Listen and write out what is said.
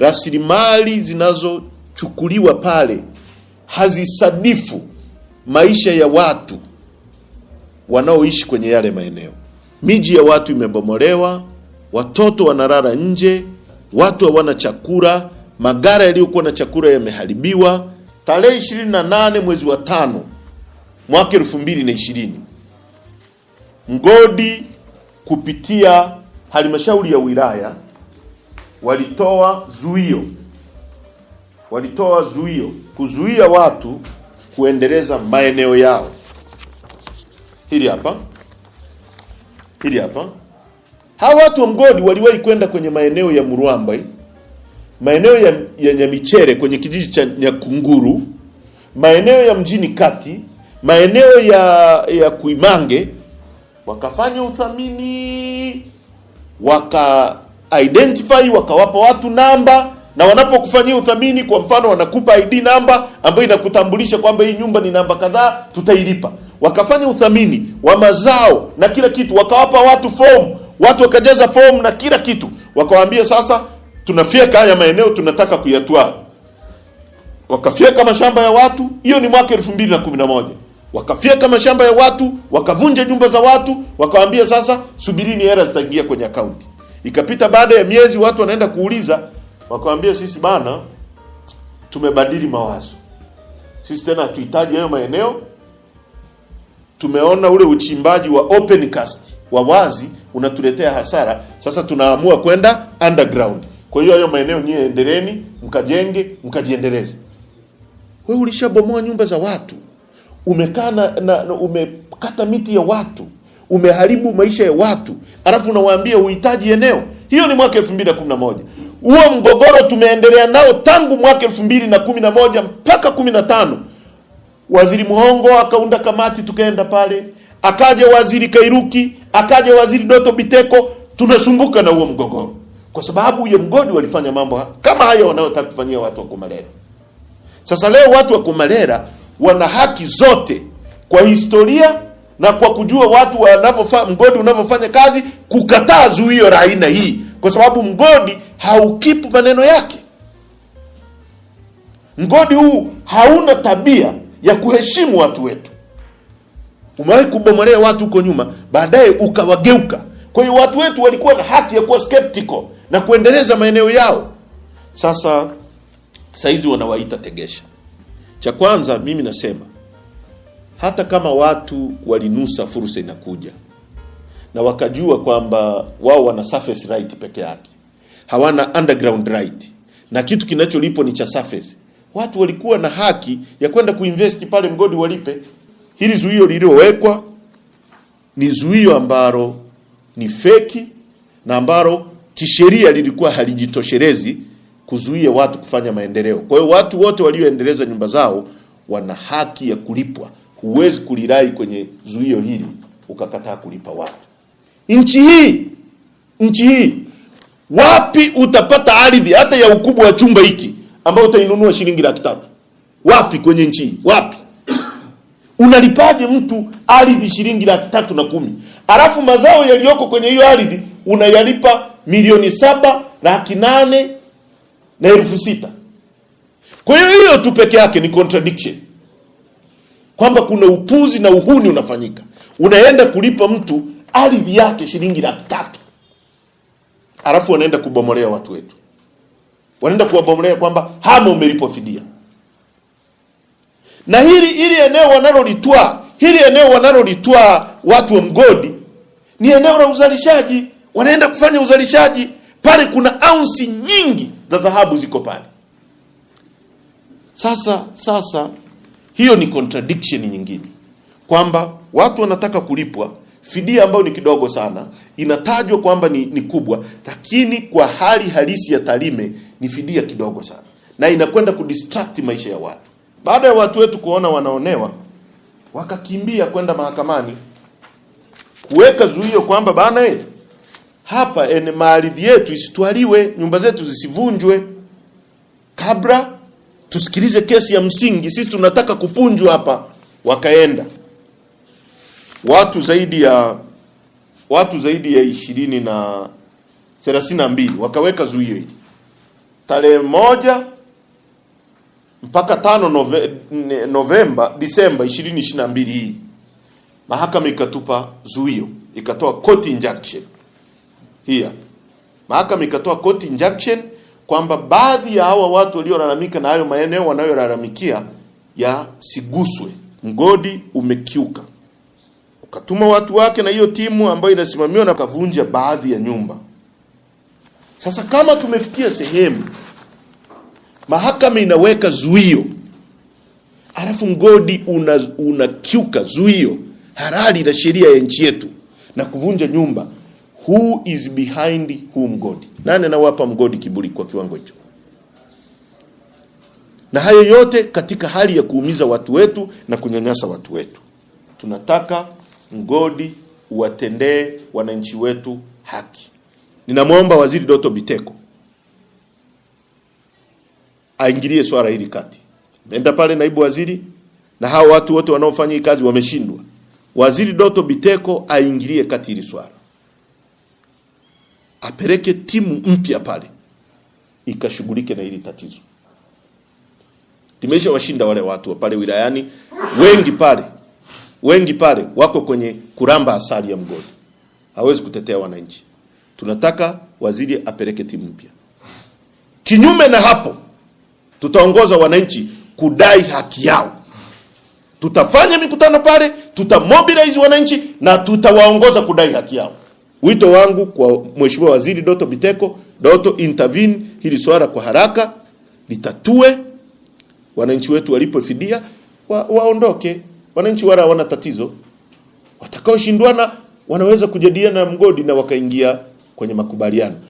rasilimali zinazochukuliwa pale hazisadifu maisha ya watu wanaoishi kwenye yale maeneo. Miji ya watu imebomolewa, watoto wanalala nje, watu hawana chakula, magara yaliyokuwa na chakula yameharibiwa. Tarehe ishirini na nane mwezi wa tano mwaka elfu na ishirini mgodi kupitia halmashauri ya wilaya walitoa zuio, walitoa zuio, kuzuia watu kuendeleza maeneo yao. Hili hapa, hili hapa. Hawa watu wa mgodi waliwahi kwenda kwenye maeneo ya Murwamba, maeneo ya, ya Nyamichere kwenye kijiji cha Nyakunguru, maeneo ya mjini kati, maeneo ya, ya Kuimange, wakafanya uthamini waka identify, wakawapa watu namba, na wanapokufanyia uthamini, kwa mfano wanakupa ID namba ambayo inakutambulisha kwamba hii nyumba ni namba kadhaa, tutailipa. Wakafanya uthamini wa mazao na kila kitu, wakawapa watu form watu wakajaza form na kila kitu, wakawaambia sasa tunafyeka haya maeneo, tunataka kuyatua Wakafyeka mashamba ya watu, hiyo ni mwaka 2011 wakafyeka mashamba ya watu, wakavunja nyumba za watu, wakawaambia sasa, subirini, hela zitaingia kwenye akaunti. Ikapita baada ya miezi, watu wanaenda kuuliza, wakawambia sisi bana, tumebadili mawazo, sisi tena hatuhitaji hayo maeneo. Tumeona ule uchimbaji wa open cast wa wazi unatuletea hasara, sasa tunaamua kwenda underground. Kwa hiyo hayo maeneo nyie endeleeni mkajenge mkajiendeleze. Wewe ulishabomoa nyumba za watu, umekaa na, na umekata miti ya watu umeharibu maisha ya watu, alafu unawaambia uhitaji eneo. Hiyo ni mwaka 2011. Huo mgogoro tumeendelea nao tangu mwaka 2011 mpaka 15. Waziri Muhongo akaunda kamati, tukaenda pale, akaja waziri Kairuki, akaja waziri Doto Biteko, tunasumbuka na huo mgogoro kwa sababu mgodi walifanya mambo kama hayo wanayotaka kufanyia watu wa Kumalera. Sasa leo watu wa Kumalera wana haki zote kwa historia na kwa kujua watu wanavyofa mgodi unavyofanya kazi, kukataa zuio la aina hii, kwa sababu mgodi haukipu maneno yake. Mgodi huu hauna tabia ya kuheshimu watu wetu. Umewahi kubomolea watu huko nyuma, baadaye ukawageuka. Kwa hiyo watu wetu walikuwa na haki ya kuwa skeptical na kuendeleza maeneo yao. Sasa saizi wanawaita tegesha. Cha kwanza mimi nasema hata kama watu walinusa, fursa inakuja na wakajua kwamba wao wana surface right peke yake, hawana underground right, na kitu kinacholipo ni cha surface. Watu walikuwa na haki ya kwenda kuinvest pale mgodi walipe. Hili zuio lililowekwa ni zuio ambalo ni feki na ambalo kisheria lilikuwa halijitoshelezi kuzuia watu kufanya maendeleo. Kwa hiyo watu wote walioendeleza nyumba zao wana haki ya kulipwa huwezi kulirai kwenye zuio hili ukakataa kulipa watu. Nchi hii nchi hii, wapi utapata ardhi hata ya ukubwa wa chumba hiki ambayo utainunua shilingi laki tatu? Wapi kwenye nchi hii? Wapi? Unalipaje mtu ardhi shilingi laki tatu na kumi, alafu mazao yaliyoko kwenye hiyo ardhi unayalipa milioni saba laki nane na elfu sita. Kwa hiyo hiyo tu peke yake ni contradiction kwamba kuna upuzi na uhuni unafanyika. Unaenda kulipa mtu ardhi yake shilingi laki tatu, alafu wanaenda kubomolea watu wetu, wanaenda kuwabomolea kwamba hama umelipwa fidia. Na hili hili eneo wanalolitwaa, hili eneo wanalolitwaa watu wa mgodi ni eneo la uzalishaji, wanaenda kufanya uzalishaji pale. Kuna aunsi nyingi za dhahabu ziko pale. Sasa sasa hiyo ni contradiction nyingine kwamba watu wanataka kulipwa fidia ambayo ni kidogo sana, inatajwa kwamba ni, ni kubwa, lakini kwa hali halisi ya Tarime ni fidia kidogo sana, na inakwenda kudistract maisha ya watu. Baada ya watu wetu kuona wanaonewa, wakakimbia kwenda mahakamani kuweka zuio kwamba bana, eh hapa ene maardhi yetu isitwaliwe, nyumba zetu zisivunjwe kabla tusikilize kesi ya msingi, sisi tunataka kupunjwa hapa. Wakaenda watu zaidi ya watu zaidi ya ishirini na thelathini na mbili wakaweka zuio hili tarehe moja mpaka tano nove, Novemba Disemba 2022 hii mahakama ikatupa zuio, ikatoa court injunction. Hii hapa mahakama ikatoa court injunction kwamba baadhi ya hawa watu waliolalamika na hayo maeneo wanayolalamikia yasiguswe. Mgodi umekiuka, ukatuma watu wake na hiyo timu ambayo inasimamiwa na kavunja baadhi ya nyumba. Sasa kama tumefikia sehemu mahakama inaweka zuio, alafu mgodi unakiuka una zuio halali la sheria ya nchi yetu na kuvunja nyumba, who is behind huu mgodi? Nani anawapa mgodi kiburi kwa kiwango hicho? Na hayo yote katika hali ya kuumiza watu wetu na kunyanyasa watu wetu. Tunataka mgodi uwatendee wananchi wetu haki. Ninamwomba Waziri Doto Biteko aingilie swala hili kati. Nenda pale naibu waziri na hao watu wote wanaofanya hii kazi wameshindwa. Waziri Doto Biteko aingilie kati hili swala apeleke timu mpya pale ikashughulike na hili tatizo. Limeshawashinda wale watu pale wilayani, wengi pale wengi pale wako kwenye kuramba asali ya mgodi, hawezi kutetea wananchi. Tunataka waziri apeleke timu mpya. Kinyume na hapo, tutaongoza wananchi kudai haki yao. Tutafanya mikutano pale, tutamobilize wananchi na tutawaongoza kudai haki yao. Wito wangu kwa Mheshimiwa Waziri Doto Biteko, Doto intervene hili swala kwa haraka litatue, wananchi wetu walipo fidia wa, waondoke. Wananchi wala hawana tatizo, watakaoshindwana wanaweza kujadiliana na mgodi na wakaingia kwenye makubaliano.